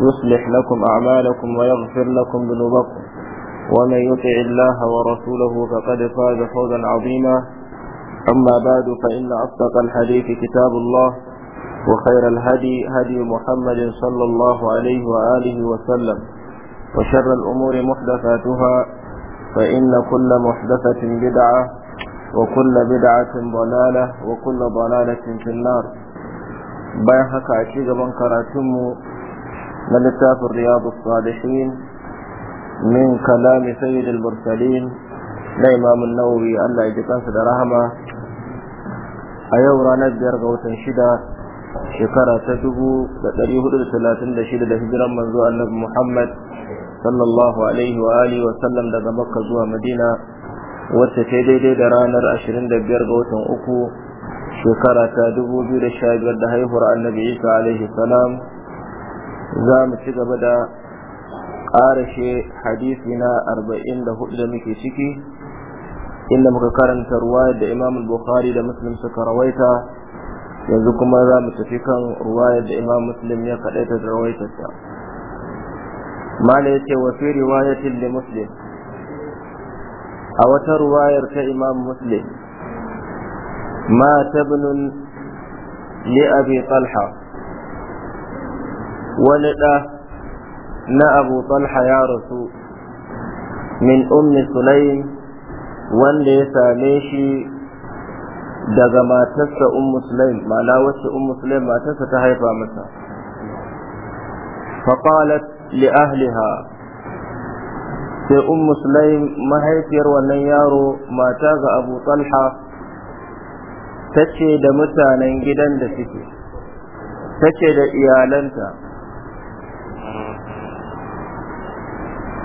يصلح لكم أعمالكم ويغفر لكم ذنوبكم ومن يطع الله ورسوله فقد فاز فوزا عظيما أما بعد فإن أصدق الحديث كتاب الله وخير الهدي هدي محمد صلى الله عليه وآله وسلم وشر الأمور محدثاتها فإن كل محدثة بدعة وكل بدعة ضلالة وكل ضلالة في النار بين هكا أشيغ من ملتاف الرياض الصالحين من كلام سيد المرسلين لإمام النووي ألا يجتاس درهما أيورا نبير غوتا شدا شكرا تجبو لتريه لثلاثين لشدا هجرا منذ النبي محمد صلى الله عليه وآله وسلم لدى مكة زوى مدينة وتتدي درانا عشرين دبير غوتا أكو شكرا تجبو بير الشاهد ودهيه النبي عيسى عليه السلام za mu ci gaba da ƙarashe hadisi na arba'in da hudu da muke ciki inda muka karanta ruwa da imam bukhari da muslim suka rawaita yanzu kuma za mu tafi kan ruwayar da imam muslim ya kaɗaita da rawaitarsa mala ya ce wa fi riwayatin li muslim a wata ruwayar ta imam muslim ma tabnun li abi talha wani ɗa na abu talha ya rasu min ummi sulaim wanda ya same shi daga matarsa ummu sulaim ma'ana wacce ummu sulaim matarsa ta haifa masa li ahliha sai ummu sulaim mahaifiyar wannan yaro mata ga abu talha ta ce da mutanen gidan da suke ta ce da iyalanta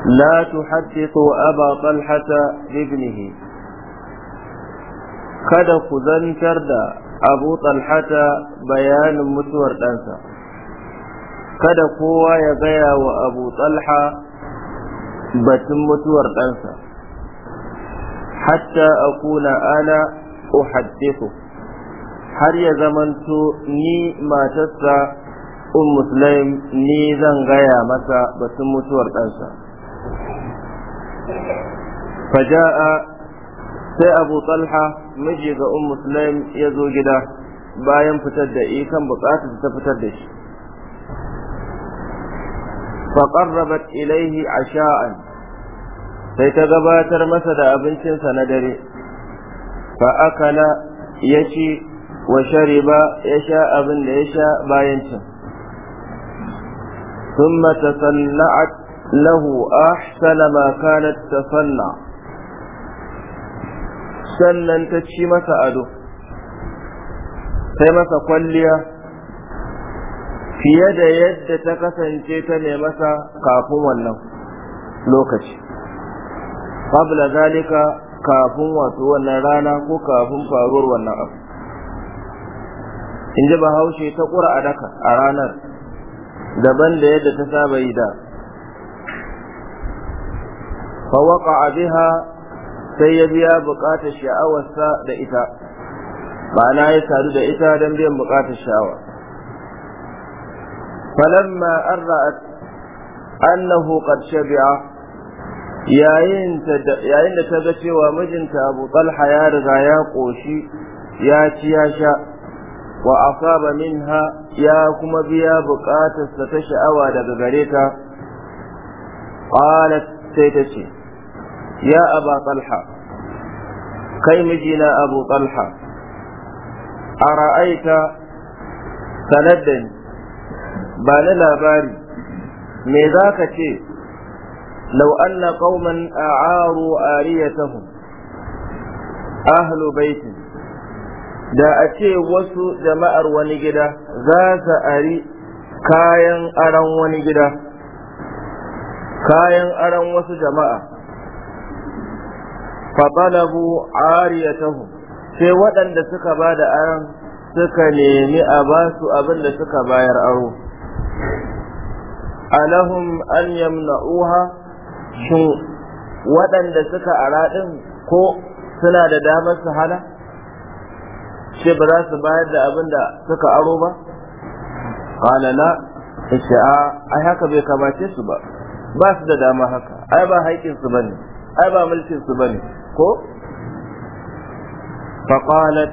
لا تحدثوا أبا طلحة لابنه kada ku zantar da abu talhata bayanin mutuwar ɗansa kada kowa ya gaya wa abu talha batun mutuwar ɗansa hatta akuna ana uhaddithu har ya zamanto ni matarsa um ni zan gaya masa batun mutuwar ɗansa faja'a sai abu talha miji ga um muslim ya zo gida bayan fitar da ikan bukatar ta fitar da shi faƙarrabat ilaihi asha'an sai ta gabatar masa da abincinsa na dare fa'akala ya ci wa shariba ya sha abin da ya sha bayan cin ثم تصنعت له أحسن ما كانت تصنع sannan ta ci masa ado sai masa kwalliya fiye da yadda ta kasance ta ne masa kafin wannan lokaci qabla zalika kafin wato wannan rana ko kafin faruwar wannan abu in ji bahaushe ta ƙura a daka a ranar daban da yadda ta saba yi da fawaka biha sai ya biya buƙatar sha'awarsa da ita ma'ana ya sadu da ita don biyan buƙatar sha'awa falamma an ra'at annahu qad shabi'a yayin da ta ga cewa mijinta Abu Talha ya riga ya koshi ya ci ya sha wa asaba minha ya kuma biya buƙatarsa ta sha'awa daga gare ta qalat sai ta ce ya aba talha kai mijina abu talha a ra'aita sanar da ba ni labari me za ka ce lau anna qauman a'aru ariyatahum ahlu baitin da a ce wasu jama'ar wani gida za su ari kayan aran wani gida kayan aran wasu jama'a fabalabu ariyatahum sai waɗanda suka ba da aron suka nemi a ba su abin da suka bayar aro alahum an yamna'uha shin waɗanda suka ara ɗin ko suna da damar su hana shi ba za su bayar da abin da suka aro ba halala a ai haka bai kamace su ba ba su da dama haka ai ba haƙƙinsu ba ne ai ba mulkin su bane ko qalat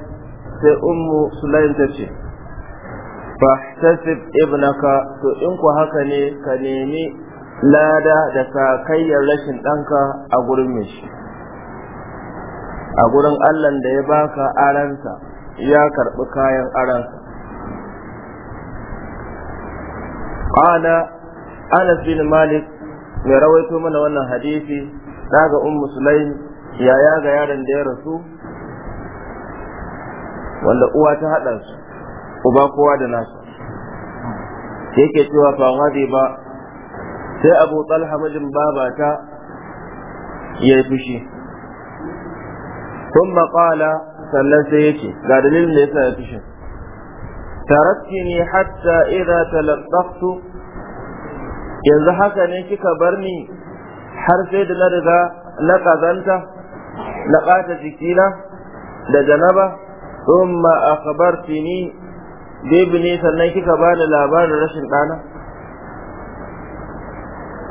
sai ummu sulaim ta ce fahtasib ibnaka to in ku haka ne ka nemi lada da sakayyar rashin ɗanka a gurin mai shi a gurin allah da ya baka aransa ya karɓi kayan aransa ana anas bin malik ya rawaito mana wannan hadisi na ga ummu sulaim yaya ga yaron da ya rasu wanda uwa ta haɗa su uba kowa da nasu ke cewa fa ba sai abu talha baba ta ya yi fushi ثم قال sannan sai yake ga dalilin da yasa ya fushi shin hatta idza talaqtu yanzu haka ne kika bar ni har sai da na riga na kazanta na ɓata jikina da janaba umma a kabar tini bebi ne sannan kika ba da labarin rashin ɗana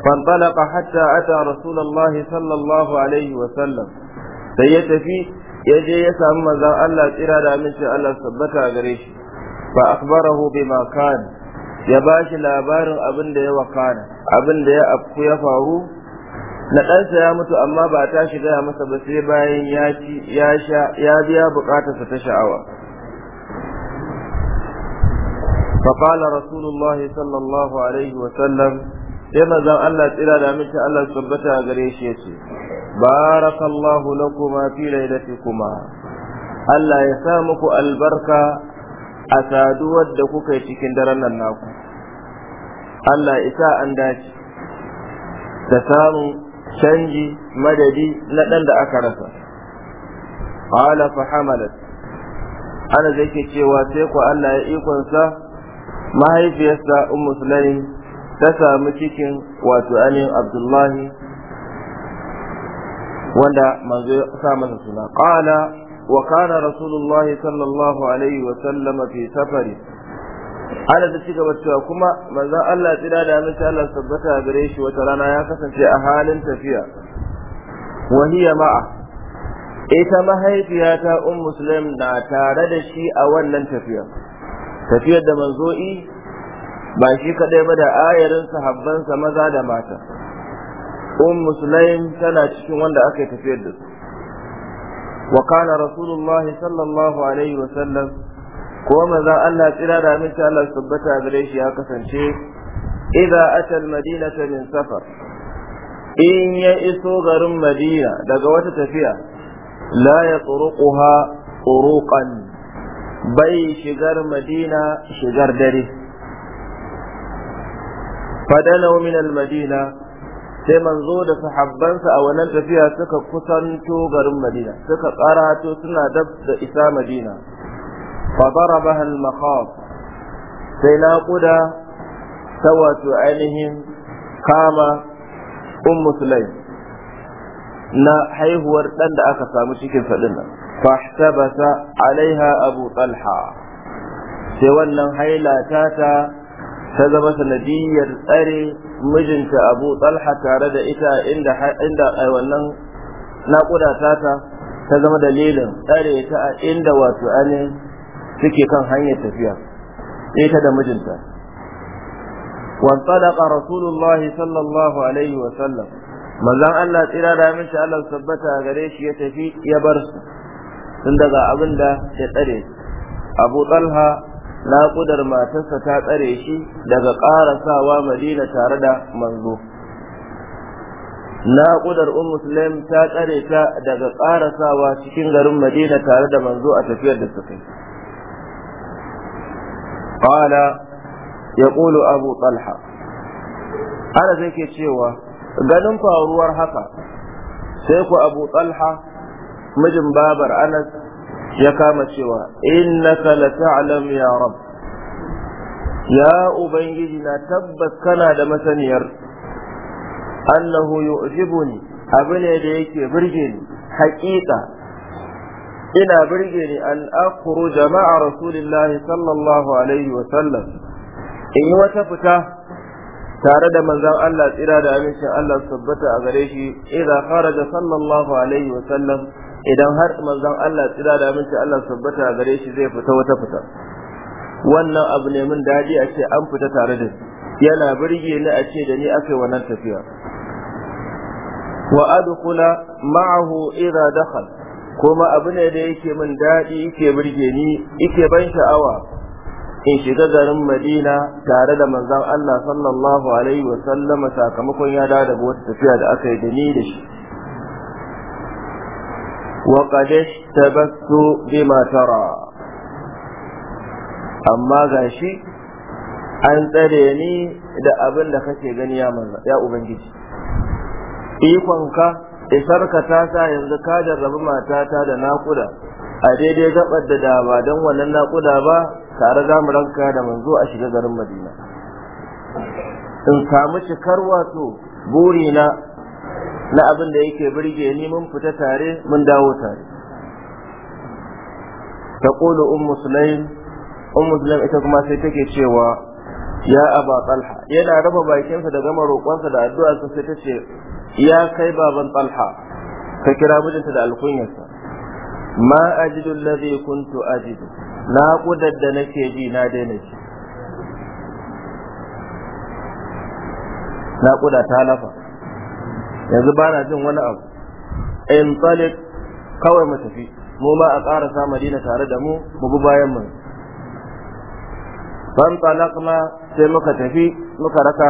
fanɗalaka hatta ata rasulallah sallallahu alaihi wasallam sai ya tafi ya je ya sami manzan Allah tsira da aminci Allah sabbata a gare shi fa akhbarahu bima kan ya bashi labarin abin da ya wakana abin da ya afku ya faru na dan ya mutu amma ba a tashi ya masa ba sai bayan ya ci ya biya bukatar sa ta sha'awa fa kala rasulullahi sallallahu alaihi wa sallam sai manzon Allah tsira da miki Allah tabbata gare shi yace barakallahu lakum ma fi laylatikum Allah ya sa muku albaraka a saduwar da kuka yi cikin daren nan naku Allah ya sa an dace da samu canji madadi na ɗan da aka rasa qala fa hamalat ana zai ke cewa sai ku Allah ya ikonsa mahaifiyarsa ummu sulaim ta samu cikin wato anin abdullahi wanda manzo ya sa masa suna qala wa kana rasulullahi sallallahu alaihi wa sallama fi safari ana ta ci gaba cewa kuma manzon Allah tsira da aminci Allah tabbata gare shi wata rana ya kasance a halin tafiya hiya ma'a ita mahaifiyata um muslim na tare da shi a wannan tafiya tafiyar da manzo'i ba shi kadai ba da ayarin sa maza da mata um muslim tana cikin wanda aka tafiyar da su wa kana rasulullahi sallallahu alaihi wa sallam kuma manzon Allah tsira da aminci Allah su tabbata gare shi ya kasance idza ata al-madinata min safar in ya iso garin Madina daga wata tafiya la yatruquha turuqan bai shigar Madina shigar dare fadalau min al-madina sai manzo da sahabbansa a wannan tafiya suka kusanto garin Madina suka karato suna dab da isa Madina فضربها المخاض سينا قدا سوت عينهم kama un na haihuwar ɗan da aka samu cikin faɗin nan fahtabasa alaiha abu talha sai wannan haila ta ta zama sanadiyar tsare mijinta abu talha tare da ita inda inda wannan naƙuda ta ta ta zama dalilin tsare ta a inda wato ainihin suke kan hanyar tafiya ta da mijinta وانطلق رسول الله صلى alaihi wa sallam, manzon Allah tsira da mishi Allah tabbata gare shi ya tafi ya bar su tun daga abin da ya tsare Abu Talha naƙudar matarsa ta tsare shi daga ƙarasawa Madina tare da manzo naƙudar Ummu Sulaim ta tsare ta daga ƙarasawa cikin garin Madina tare da manzo a tafiyar da suka قال يقول أبو طلحة أنا زيك cewa ganin faruwar haka sai ku abu talha mijin babar anas ya kama cewa innaka la ta'lam ya rab ya ubangiji na tabbas kana da masaniyar annahu yu'jibuni abu ne da yake burge ni haƙiƙa ina birge ni an akuru jama'a rasulillahi sallallahu alaihi wa sallam in yi wata fita tare da manzon Allah tsira da amincin Allah tabbata a gare shi idza kharaja sallallahu alaihi wa sallam idan har manzon Allah tsira da amincin Allah tabbata a gare shi zai fita wata fita wannan abu ne mun daji a ce an fita tare da shi yana birge ni a ce da ni aka wannan tafiya wa adkhula ma'ahu idza dakhala kuma abu ne da yake min daɗi yake burge ni yake ban sha'awa in shiga garin madina tare da manzon Allah sallallahu alaihi wa sallama sakamakon ya da daga wata tafiya da aka yi da ni da shi wa qad tabassu bima tara amma gashi an tsare ni da abin da kake gani ya manzo ya ubangiji ikonka isarka ta sa yanzu ka jarrabi matata da nakuda a daidai gabar da dama don wannan nakuda ba tare za mu ranka da manzo a shiga garin madina in samu cikar wato burina na abin da yake birge ni mun fita tare mun dawo tare taqulu un sulaim un ita kuma sai take cewa ya aba talha yana raba bakinsa da gama roƙonsa da addu'a sai ta ce ya kai baban talha ka kira mijinta da alkunyarsa ma ajidu alladhi kuntu ajidu na kudar da nake ji na daina ji na kuda ta lafa yanzu ba na jin wani abu in talik kawai mu tafi mu ma a ƙara sa madina tare da mu mu bi bayan mu ban talakna sai muka tafi muka raka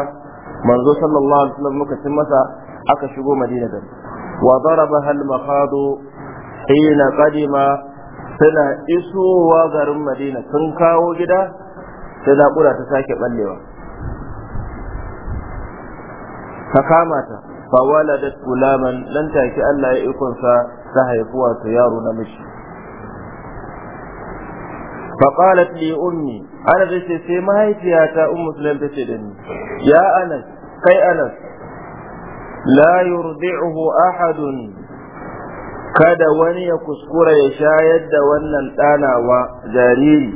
manzo sallallahu alaihi wasallam muka cin masa aka shigo madina da wa daraba hal maqad hina qadima suna isowa garin madina sun kawo gida sai naƙuda ta sake ballewa ka kama ta fa waladat gulaman nan take Allah ya ikonsa ta haifuwa ta yaro na namiji فقالت لي أمي أنا sai سي ما هي فيها أم سلم تشدني يا أنس كي أنس la yurdi'uhu ahadun kada wani ya kuskura ya shayar da wannan ɗanawa jariri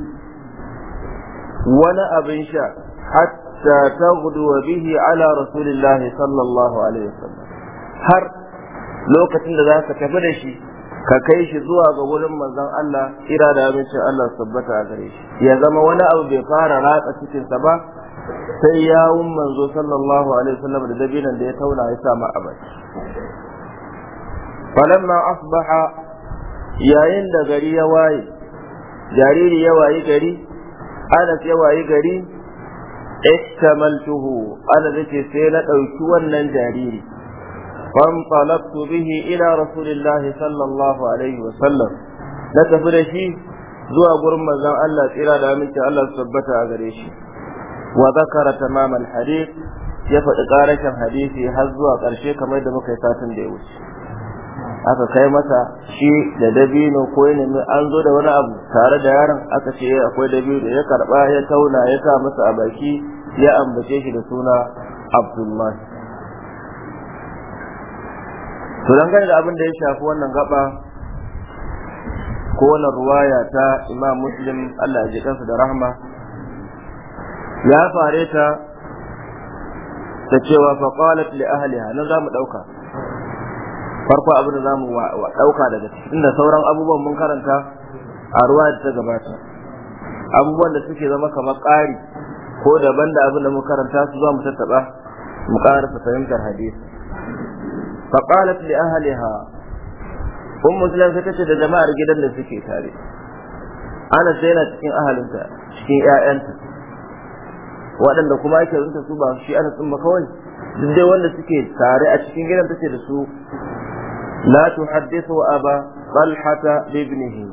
wani abin sha hatta ta wa bihi ala rasulillahi sallallahu alaihi wasallam har lokacin da za ka tafi da shi ka kai shi zuwa ga wurin manzon Allah kira da amincin Allah sabbata a gare shi ya zama wani abu bai fara ratsa cikinsa ba sai yawun manzo sallallahu alaihi wasallam da dabinan da ya tauna ya samu a falamma asbaha yayin da gari ya waye jariri ya waye gari anas ya waye gari ihtamaltuhu ana zace sai na ɗauki wannan jariri فانطلقت به إلى رسول الله صلى الله عليه وسلم نتفرشي زوا قرم زان الله إلى دامنك الله ثبت أغريشي wa zakara tamam hadith ya faɗi ƙarashin hadisi har zuwa ƙarshe kamar da muka yi satin da ya wuce aka kai masa shi da dabino ko ya mai an zo da wani abu tare da yaron aka ce akwai dabino ya karɓa ya tauna ya sa masa a baki ya ambace shi da suna abdullahi to dangane da abin da ya shafi wannan gaba ko wannan ruwaya ta imam muslim allah ya ji kansa da rahma ya fare ta ta cewa faqalat li ahliha nan mu ɗauka. farko abin da za mu ɗauka daga cikin da sauran abubuwan mun karanta a ruwa da ta gabata abubuwan da suke zama kamar ƙari ko daban da abin da mun karanta su zamu tattaba mu ƙara fahimtar hadisi faqalat li ahliha ummu sulaim ta ce da jama'ar gidan da suke tare ana sai na cikin ahalinta cikin 'ya'yanta. waɗanda kuma ake rinta su ba shi ana tsumma kawai duk dai wanda suke tare a cikin gidan take da su la tuhaddithu aba talhata ibnihi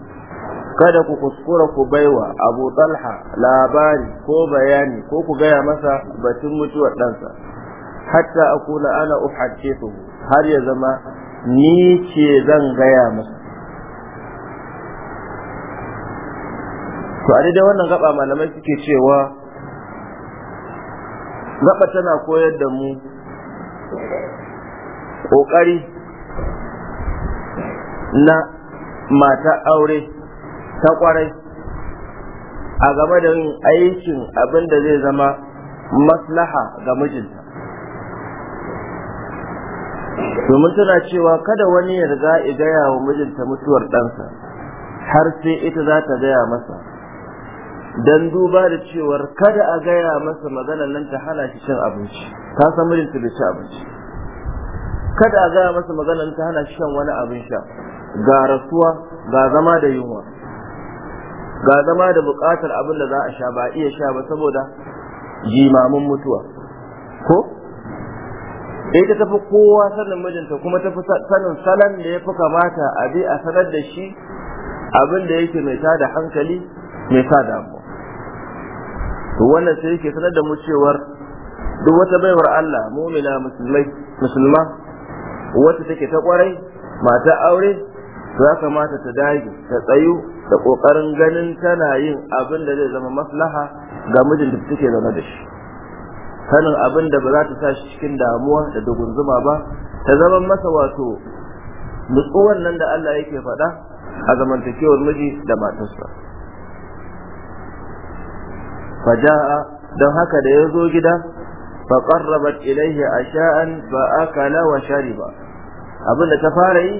kada ku kuskura ku baiwa abu talha labari ko bayani ko ku gaya masa batun mutuwar ɗansa hatta akula ana uhaddithu har ya zama ni ce zan gaya masa to a dai wannan gaba malamai suke cewa gaba tana koyar da mu ƙoƙari na mata aure ta kwarai a game da yin aikin abin da zai zama maslaha ga mijinta domin tana cewa kada wani ya riga ya gaya wa mijinta mutuwar ɗansa har sai ita za ta gaya masa dan duba da cewar kada a gaya masa maganar nan ta hana shi cin abinci ta san mijinta bai ci abinci kada a gaya masa maganar nan ta hana shi shan wani abin sha ga rasuwa ga zama da yunwa ga zama da buƙatar abin da za a sha ba iya sha ba saboda jimamin mutuwa ko ita tafi kowa sanin mijinta kuma ta fi sanin salon da ya fi kamata a bi a sanar da shi abin da yake mai tada hankali mai sa mu to wannan sai yake sanar da mu cewar duk wata baiwar Allah mu'mina musulmai musulma wata take ta kwarai mata aure za ka mata ta dage ta tsayu da kokarin ganin tana yin abin da zai zama maslaha ga mijin da take zama da shi sanin abin da ba za ta sa shi cikin damuwa da dugunzuma ba ta zama masa wato nutsuwan nan da Allah yake faɗa a zamantakewar miji da matarsa faja'a don haka da ya zo gida faƙarrabat ilaihi sha'an ba akala wa shariba abin da ta fara yi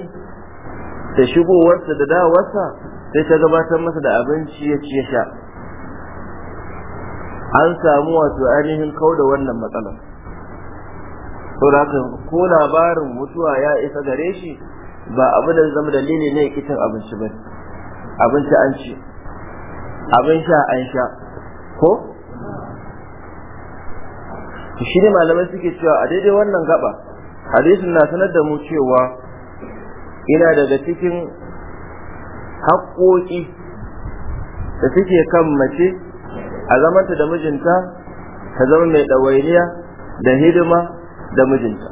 da shigowarsa da dawowarsa sai ta gabatar masa da abinci ya ci ya sha an samu wato ainihin kau da wannan matsalar saboda ko labarin mutuwa ya isa gare shi ba abu da zama dalili ne kitan abinci ba abinci an ci abin sha an sha ko shi ne malamai suke cewa a daidai wannan gaba hadisin na sanar da mu cewa ina daga cikin haƙoƙi da suke kan mace a zamanta da mijinta ta zama mai ɗawainiya da hidima da mijinta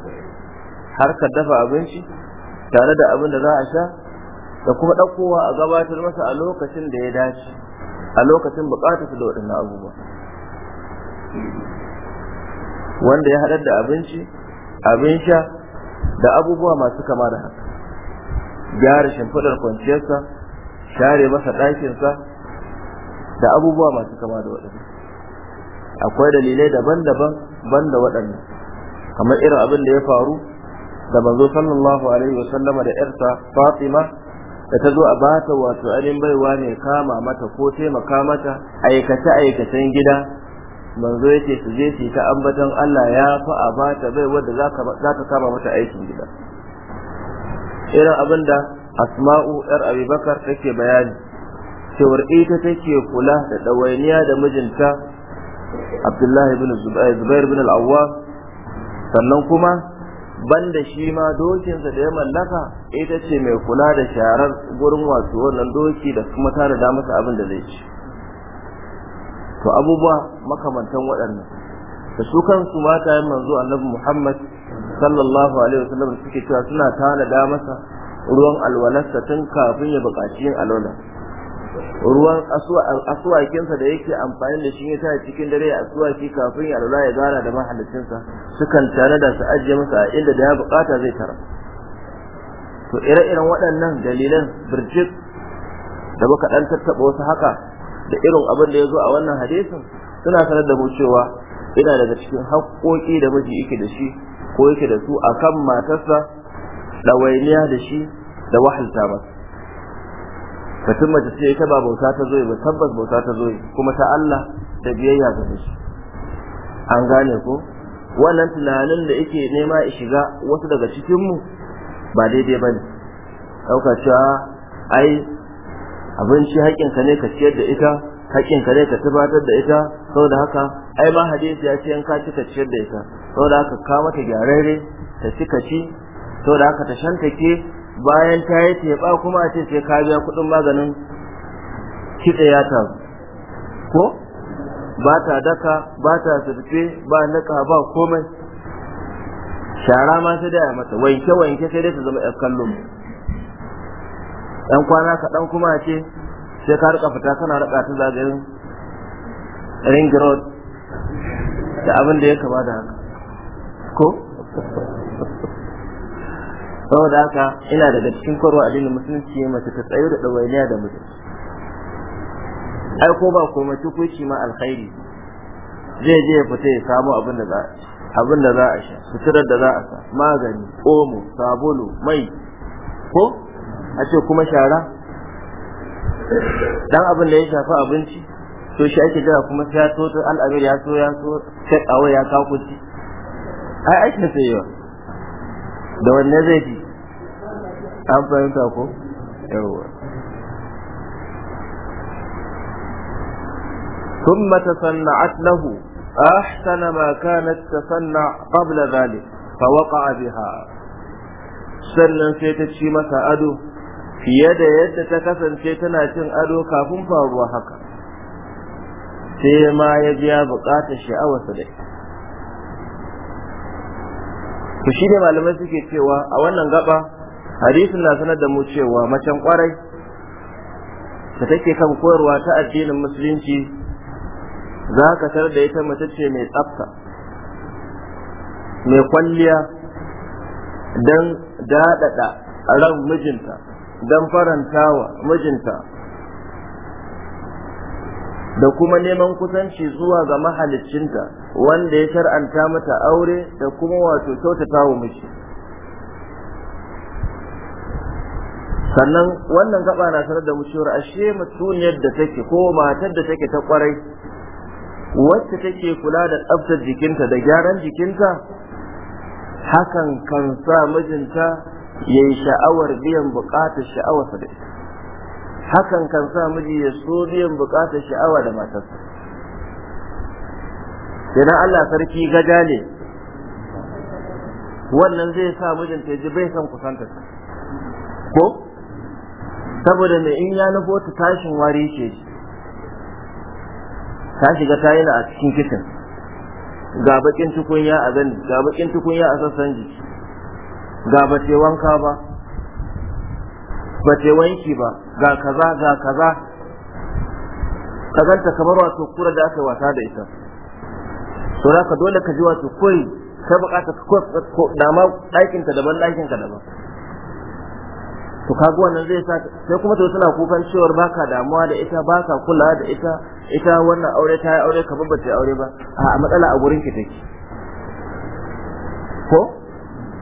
har ka dafa abinci tare da abin da za a sha da kuma ɗaukowa a gabatar masa a lokacin da ya dace a lokacin bukatar su da waɗannan abubuwa wanda ya haɗar da abinci abin sha da abubuwa masu kama da haka gyara shimfiɗar kwanciyarsa share masa ɗakinsa da abubuwa masu kama da waɗannan akwai dalilai daban-daban banda waɗannan kamar irin abin da ya faru da manzo sallallahu alaihi wasallama da 'yarsa Fatima da ta zo a bata wato anin baiwa ne kama mata ko taimaka mata aikace aikacen gida manzo yace su je su ta ambaton Allah ya fa a bata baiwa da zaka ka kama mata aikin gida irin abin da Asma'u yar Abubakar take bayani cewar ita take kula da dawainiya da mijinta Abdullahi ibn Zubair ibn al-Awwam sannan kuma banda shi ma dokinsa da ya mallaka ita ce mai kula da sharar gurin wato wannan doki da kuma tare da masa abin da zai ci to abubuwa makamantan waɗannan da su kansu matayen manzo annabi Muhammad sallallahu alaihi wasallam suke cewa suna tana da masa ruwan alwalarsa tun kafin ya buƙaci yin alwala ruwan asuwakinsa da yake amfani da shi ya ta cikin dare a asuwaki kafin ya lura ya gara da mahalicinsa sukan tare da su ajiye masa a inda da ya bukata zai tara to ire-iren waɗannan dalilan birjit da muka ɗan tattaɓa wasu haka da irin abin da ya zo a wannan hadisin suna sanar da mu cewa ina daga cikin haƙƙoƙi da miji yake da shi ko yake da su akan matarsa ɗawainiya da shi da wahalta masa batun mace ce ita ba bauta ta zo ba tabbas bauta ta zo kuma ta Allah da biyayya ga shi an gane ko wannan tunanin da yake nema ya shiga wasu daga cikin mu ba daidai ba ne. dauka cewa ai abinci haƙƙinka ka ne ka ciyar da ita Haƙƙinka ka ne ka tabbatar da ita saboda haka ai ma hadisi ya ce an ka ci ka ciyar da ita saboda haka ka mata gyararre ta ci ka ci saboda haka ta shantake bayan ta yi teɓa kuma a ce sai ka biya kuɗin maganin kitse ya taru ko ba ta daka ba ta surfe ba naka ba komai shara ma sai da mata wanke wanke sai dai ta zama yar kallo Ɗan kwana kaɗan kuma a ce sai ka rika fita kana rika ta zagayen ring road da abin da ya kama da haka ko saboda haka ina daga cikin korwa dinin musulunci mace ta tsayo da ɗawainiya da mutum ai ko ba komai tukuci ma alkhairi zai je ya fita ya samu abin da za abin da za a sha suturar da za a sa magani omo sabulu mai ko a ce kuma shara dan abin da ya shafi abinci to shi ake jira kuma sai ya to al'amir ya so ya so sai kawo ya kawo kuci ai aikin sai yawa da wanne zai ji an fahimta ko yawwa ثم تصنعت ma أحسن ما كانت تصنع قبل ذلك a biha. sannan sai ta ci masa ado fiye da yadda ta kasance tana cin ado kafin faruwa haka sai ma ya biya bukatar sha'awarsa da ita to shi ne malamai suke cewa a wannan gaba hadisin na sanar da mu cewa macen kwarai da take kan koyarwa ta addinin musulunci za ka tar da ita mace ce mai tsafta mai kwalliya don daɗaɗa ran mijinta don farantawa mijinta da kuma neman kusanci zuwa ga mahaliccinta wanda ya shar'anta mata aure da kuma wato kyautata wa miji sannan wannan gaba na sanar da mu ashe mutuniyar da take ko matar da take ta kwarai wacce take kula da tsaftar jikinta da gyaran jikinta hakan kan sa mijinta ya yi sha'awar biyan bukatar sha'awar da hakan kan sa miji ya so biyan bukatar sha'awa da matarsa kenan Allah sarki gaja ne wannan zai sa mijinta ji bai san kusanta ko saboda ne in ya nufo ta tashin wari ce ta shiga ta yi a cikin kicin ga bakin tukunya a gani ga bakin tukunya a sassan jiki ga ba ce wanka ba ba ce wanki ba ga kaza ga kaza ka ganta kamar wato kura da aka wasa da ita to ka dole ka ji wato koyi ka bukata ko ma ɗakin ka daban ɗakin ka daban to ga wannan zai sa sai kuma to suna kukan cewar baka damuwa da ita baka kula da ita ita wannan aure ta yi aure ka ba ta aure ba a matsala a gurin ki take ko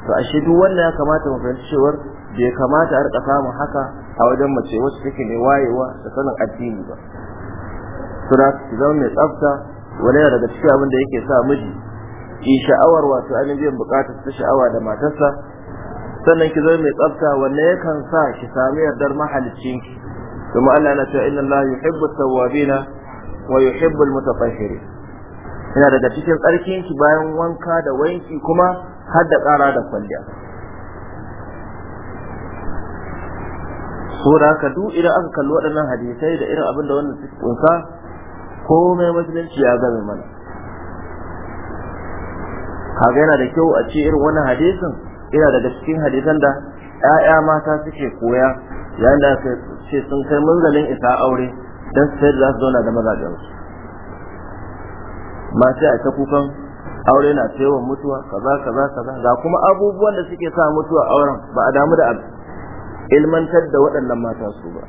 to ashe duk wannan ya kamata mu fahimci cewar bai kamata a rika samun haka a wajen mace wacce take ne wayewa da sanin addini ba sura ki zama mai tsafta wani yana daga cikin abin da yake sa miji ki sha'awar wato ainihin bukatar ta sha'awa da matarsa sannan ki zama mai tsafta wanne yakan sa ki sami yardar mahalicin kuma Allah na cewa inna Allah yuhibbu tawwabina wa yuhibbu almutatahhirin yana daga cikin tsarkin ki bayan wanka da wanki kuma har da ƙara da kwalliya saboda haka duk idan aka kalli waɗannan hadisai da irin abin da wannan suke kunsa Ko komai musulunci ya game mana kaga yana da kyau a ce irin wani hadisin yana daga cikin hadisan da 'ya'ya mata suke koya yayin da aka ce sun kai munzalin isa aure dan sai da su zauna da su mace a ta kukan aure na taiwon mutuwa kaza kaza kaza ga kuma abubuwan da suke sa mutuwa auren ba a damu da ilmantar da waɗannan mata su ba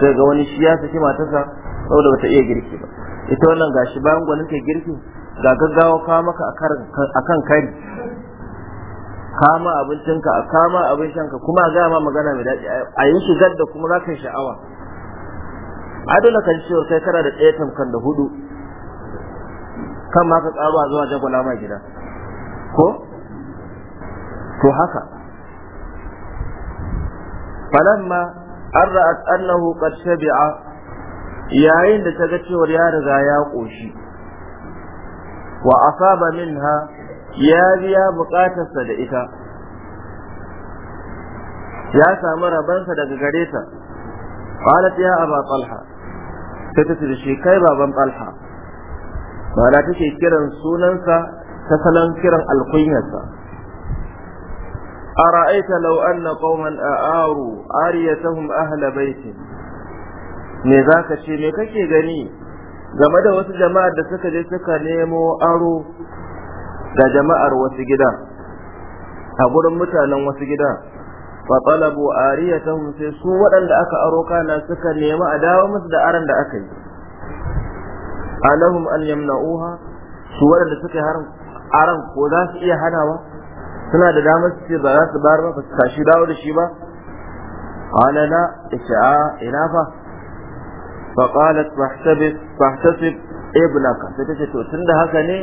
sai ga wani shi ya saki matarsa saboda bata iya girki ba ita wannan gashi bayan gwanin ta girki ga gaggawa kama ka akan kari kama abincinka a kama abincin ka, kuma ga ma magana mai daɗi a yi shigar da kuma za ka yi sha'awa adala kan ciwon kai kana da ɗaya tamkan da hudu kan ma ka tsaro a zuwa jagwala ma gida ko to haka falamma an ra'at annahu qad shabi'a yayin da ta ga cewar ya riga ya ƙoshi wa asaba minha ya biya buƙatarsa da ita ya samu rabansa daga gare ta qalat ya aba talha sai ta ce kai baban talha ma'ana take kiran sunansa ta salon kiran alkunyarsa أرأيت لو أن قوما أعاروا عاريتهم أهل بيت me za ka ce me kake gani game da wasu jama'ar da suka je suka nemo aro da jama'ar wasu gida a gurin mutanen wasu gida fatsalabu ariyatahum sai su waɗanda aka aro kana suka nemi a dawo musu da aron da aka yi alahum an yamna'uha su waɗanda suka yi aron ko za su iya hanawa suna da damar su ce ba za su bayar ba ba su tashi dawo da shi ba ce ita ina fa faqalat fahtabis fahtasib ibnaka sai ce to tunda haka ne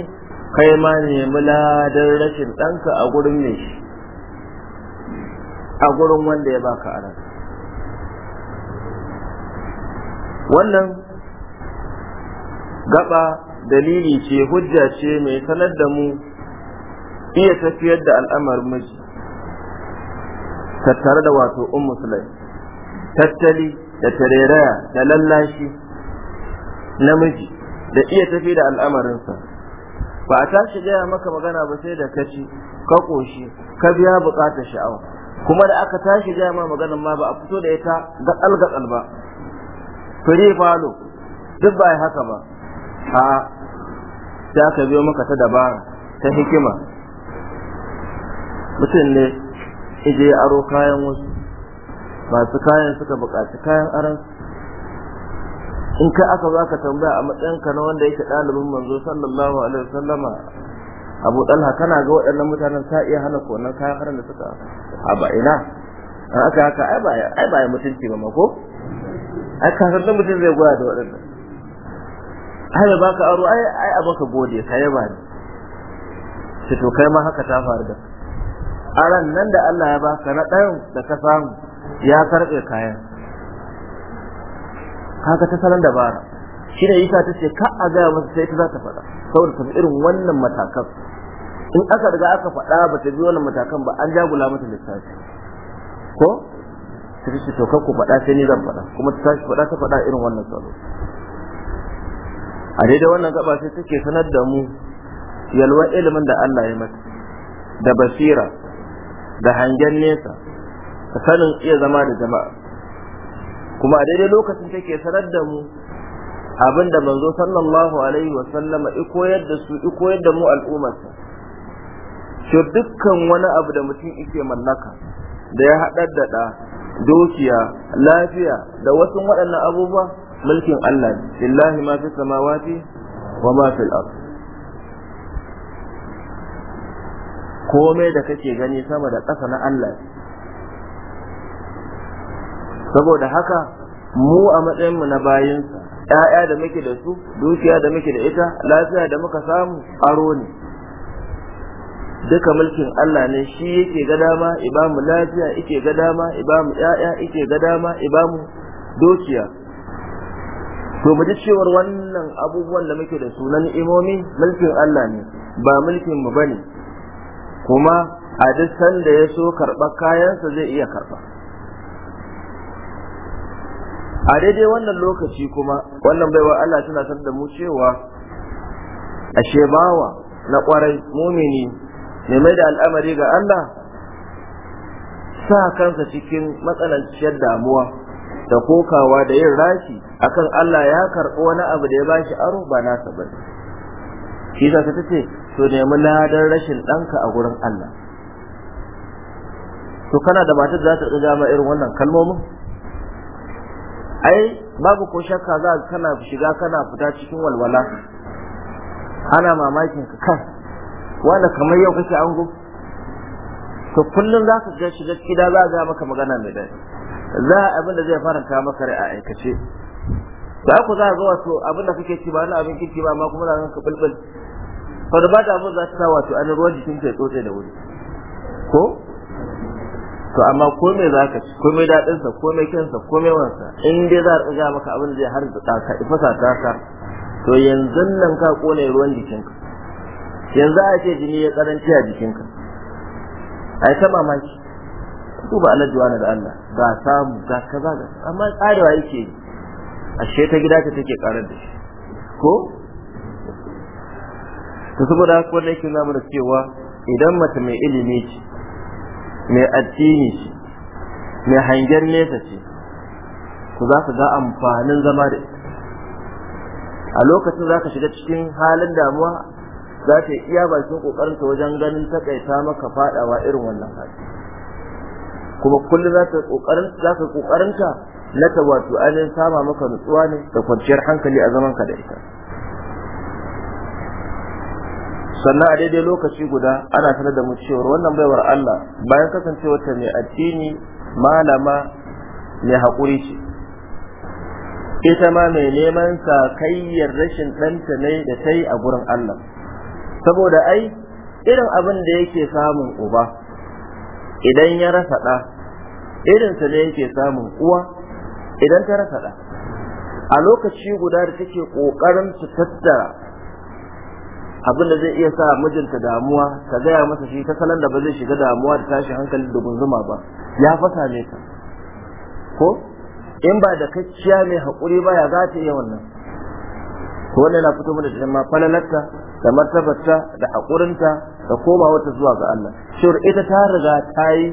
kai ma nemi ladan rashin ɗanka a gurin ne shi a gurin wanda ya baka aran wannan gaba dalili ce hujja ce mai sanar da mu iya tafiyar da al'amar miji tattare da wato ummu sulaim tattali da tareraya da lallashi namiji da iya tafi da al'amarinsa ba a tashi gaya maka magana ba sai da kaci ka ƙoshi ka biya bukatar sha'awa kuma da aka tashi gaya ma maganar ma ba a fito da ita gatsal gatsal ba fure falo duk ba haka ba a da aka biyo maka ta dabara ta hikima mutum ne ije aro kayan wasu masu kayan suka buƙaci kayan aran in kai aka zaka ka tambaya a matsayinka na wanda yake dalibin manzo sallallahu alaihi wasallama abu ɗalha kana ga waɗannan mutanen ta iya hana konan kayan aran da suka a ba ina an aka haka ai ba ba mutunci ba mako ai ka san mutum zai goya da waɗannan ai ba baka aro ai ai a baka gode ka yaba ne ce to kai ma haka ta faru da aran nan da Allah ya baka na ɗayan da ka samu ya karbe kayan Haka ta salon dabara shi da isa ta ce ka a gaya masa sai ta za ta faɗa saboda ta irin wannan matakan in aka riga aka faɗa ba ta bi wannan matakan ba an jagula mata lissafi ko ta ce to ku faɗa sai ni zan faɗa kuma ta tashi faɗa ta faɗa irin wannan salo a daidai wannan gaba sai take sanar da mu yalwa ilimin da Allah ya mata da basira da hangen nesa sanin iya zama da jama'a kuma a daidai lokacin take sanar da mu abin da manzo sallallahu alaihi wa sallama i koyar da su i koyar da mu al'ummarsa shi dukkan wani abu da mutum yake mallaka da ya haɗar da ɗa dukiya lafiya da wasu waɗannan abubuwa mulkin Allah lillahi ma fi samawati wa ma fil ard komai da kake gani sama da ƙasa na Allah saboda haka mu a matsayinmu na bayinsa ‘ya'ya da muke da su dukiya da muke da ita lafiya da muka samu aro ne duka mulkin Allah ne shi yake ga dama ibamu lafiya yake ga dama ibamu ‘ya'ya yake ga dama ibamu dukiya to mu ji cewar wannan abubuwan da muke da su na ni'imomi mulkin Allah ne ba mulkin mu bane kuma a duk sanda ya so karɓar kayansa zai iya karɓa a daidai wannan lokaci kuma wannan baiwa Allah tana san da mu cewa ashe bawa na kwarai mumini ne mai da al'amari ga Allah sa kansa cikin matsananciyar damuwa da kokawa da yin rashi akan Allah ya karɓi wani abu da ya bashi aro ba nasa bane shi ta tace to nemi ladan rashin ɗanka a gurin Allah to kana da matar za ta riga ma irin wannan kalmomin ai babu ko shakka za ka kana shiga kana fita cikin walwala ana mamakin ka kan wanda kamar yau kake ango to kullum za ka shiga gida za ga maka magana mai dai za a abin da zai faranta maka rai a aikace da ku za a ga wato abin da kake ci ba wani abin kike ba amma kuma za ka bulbul fa da ba da abin za ta wato an ruwan jikin ka ya tsotse da wuri ko to amma komai za ka ci komai daɗinsa komai kyansa komai wansa in dai za a ɗaga maka abin zai har da ka ifa ta ka to yanzu nan ka ƙone ruwan jikinka yanzu a ce jini ya karanci a jikinka ai ta mamaki duba alaji wani da Allah ba samu ga kaza ga amma tsarewa yake ashe ta gida ta take karar da shi ko to saboda ko ne yake nuna da cewa idan mace mai ilimi ce mai addini ce mai hangen nesa ce ku za ka ga amfanin zama da ita a lokacin za ka shiga cikin halin damuwa za ta iya bakin ta wajen ganin takaita maka fadawa irin wannan hali kuma kullum za ka kokarin za ka ta na ta wato ainihin sama maka nutsuwa ne da kwanciyar hankali a zaman ka da ita sannan a daidai lokaci guda ana sanar da mu cewar wannan baiwar Allah bayan kasancewarta mai addini malama mai haƙuri ce ita ma mai neman sa kayyar rashin ɗanta ne da ta yi a gurin Allah saboda ai irin abin da yake samun uba idan ya rasa ɗa irinsa ne yake samun uwa idan ta rasa ɗa a lokaci guda da take ƙoƙarin su tattara abin da zai iya sa mijinta damuwa ta gaya masa shi ta salon da ba zai shiga damuwa da tashi hankali da gunzuma ba ya fasa ne ka ko in ba da kacciya mai haƙuri ba ya za ta iya wannan Ko wannan na fito mana da ma falalarta da martabarta da haƙurinta da komawa ta zuwa ga Allah shur ita ta riga ta yi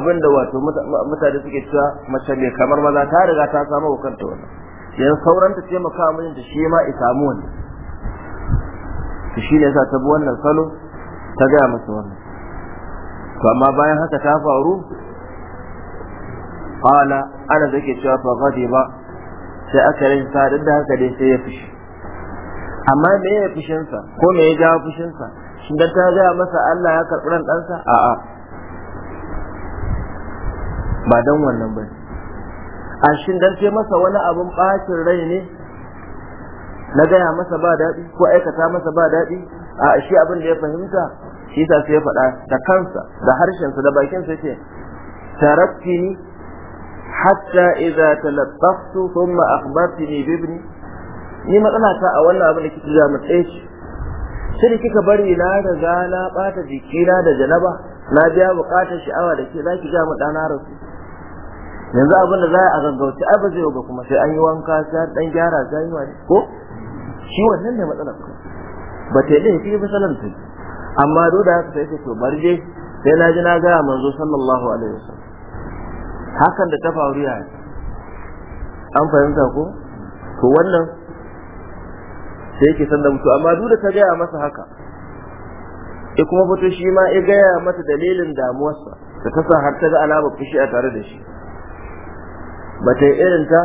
abin da wato mutane suke cewa mace mai kamar maza ta riga ta samu wa kanta wannan yanzu sauran ta taimaka mijinta shi ma ya samu wannan to shine yasa ta bi wannan salo ta gaya masa wannan to amma bayan haka ta faru qala ana zake cewa fa ghadiba sai aka rin sa da haka dai sai ya fushi amma me ya fushin sa ko me ya ga fushin sa shin da ta gaya masa Allah ya karɓi ran ɗansa a'a ba dan wannan ba a shin dan sai masa wani abun bacin rai ne na gaya masa ba daɗi ko aikata masa ba daɗi a shi abin da ya fahimta shi sa sai ya faɗa da kansa da harshensa da bakinsa ce taraktini hatta idza talaffatu thumma akhbartini bi ibni ni matsala ta a wannan abin da kike ji mu tsaye sai kika bari na riga na bata jikina da janaba na biya bukatar sha'awa da ke zaki ga mu dana rasu yanzu abin za a gaggauci ai ba zai ga kuma sai an yi wanka sai dan gyara sai ne ko shi wannan ne matsalar ba ta yi fi ba salam ta amma do da haka sai ta to bari dai sai na ji na ga manzo sallallahu alaihi wasallam hakan da ta faru ya an fahimta ko to wannan sai yake san da mutu amma duk da ta gaya masa haka ya kuma fito shi ma ya gaya mata dalilin damuwarsa da ta sa har ta ga alamar fushi a tare da shi ba ta yi irin ta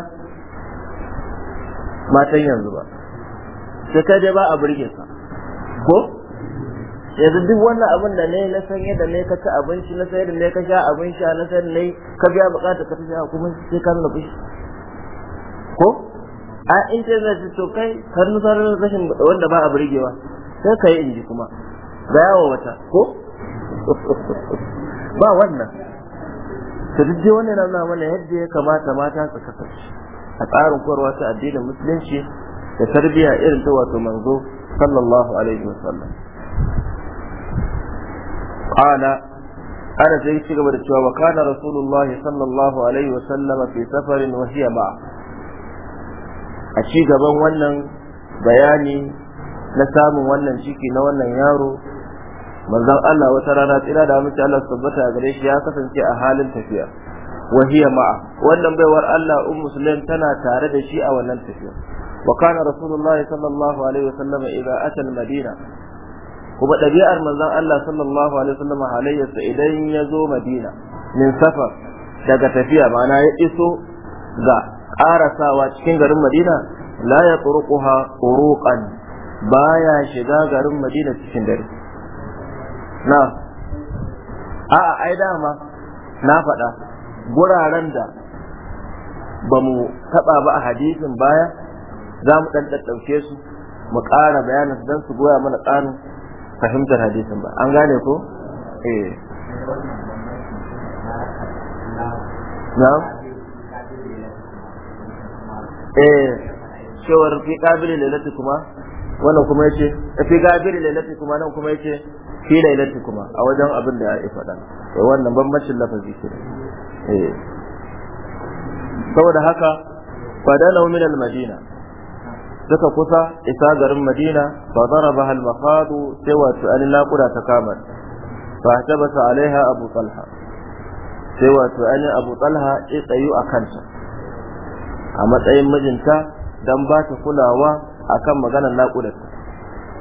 matan yanzu ba sai kai dai ba a burge sa ko yanzu duk wannan abin da ne na sanya da ne ka ci abinci na sayar da ne ka sha abin sha na sayar da ne ka biya bukata ka tafi kuma sai ka na fushi ko a in zai zai to kai ka da rashin wanda ba a burgewa sai ka yi inji kuma ga yawa wata ko ba wannan to dukkan wannan yana nuna mana yadda ya kamata mata su kasance a tsarin kwarwa ta addinin musulunci da tarbiya irin ta wato manzo sallallahu alaihi wasallam qala ana zai ci gaba da cewa wa kana rasulullahi sallallahu alaihi wasallam fi safarin wa hiya ma a ci gaban wannan bayani na samun wannan ciki na wannan yaro manzon Allah wata rana tsira da mace Allah tabbata gare shi ya kasance a halin tafiya wa hiya ma'a wannan baiwar Allah ummu sulaim tana tare da shi a wannan tafiya وكان رسول الله صلى الله عليه وسلم إذا أتى المدينة kuma ɗabi'ar manzon Allah sallallahu alaihi wasallam halayyarsa idan ya zo Madina min safar daga tafiya ma'ana ya iso ga ƙarasawa cikin garin Madina la ya turquha turuqan baya shiga garin Madina cikin dare na a ai dama na faɗa guraren da ba mu taɓa ba a hadisin baya za mu ɗan ɗauke su mu ƙara bayanin su don su goya mana ƙarin fahimtar hadisin ba an gane ko eh na eh cewar fi kabiri lailati kuma wannan kuma yace fi kabiri lailati kuma nan kuma yace fi lailati kuma a wajen abin da ya faɗa eh wannan bambancin lafazi ke eh saboda haka fadana min al-madina suka kusa isa garin madina fa daraba hal maqadu sai wato an laƙuda ta kama fa tabasa alaiha abu talha sai wato an abu talha ya tsayu a kanta a matsayin mijinta don ba ta kulawa akan maganar laƙudar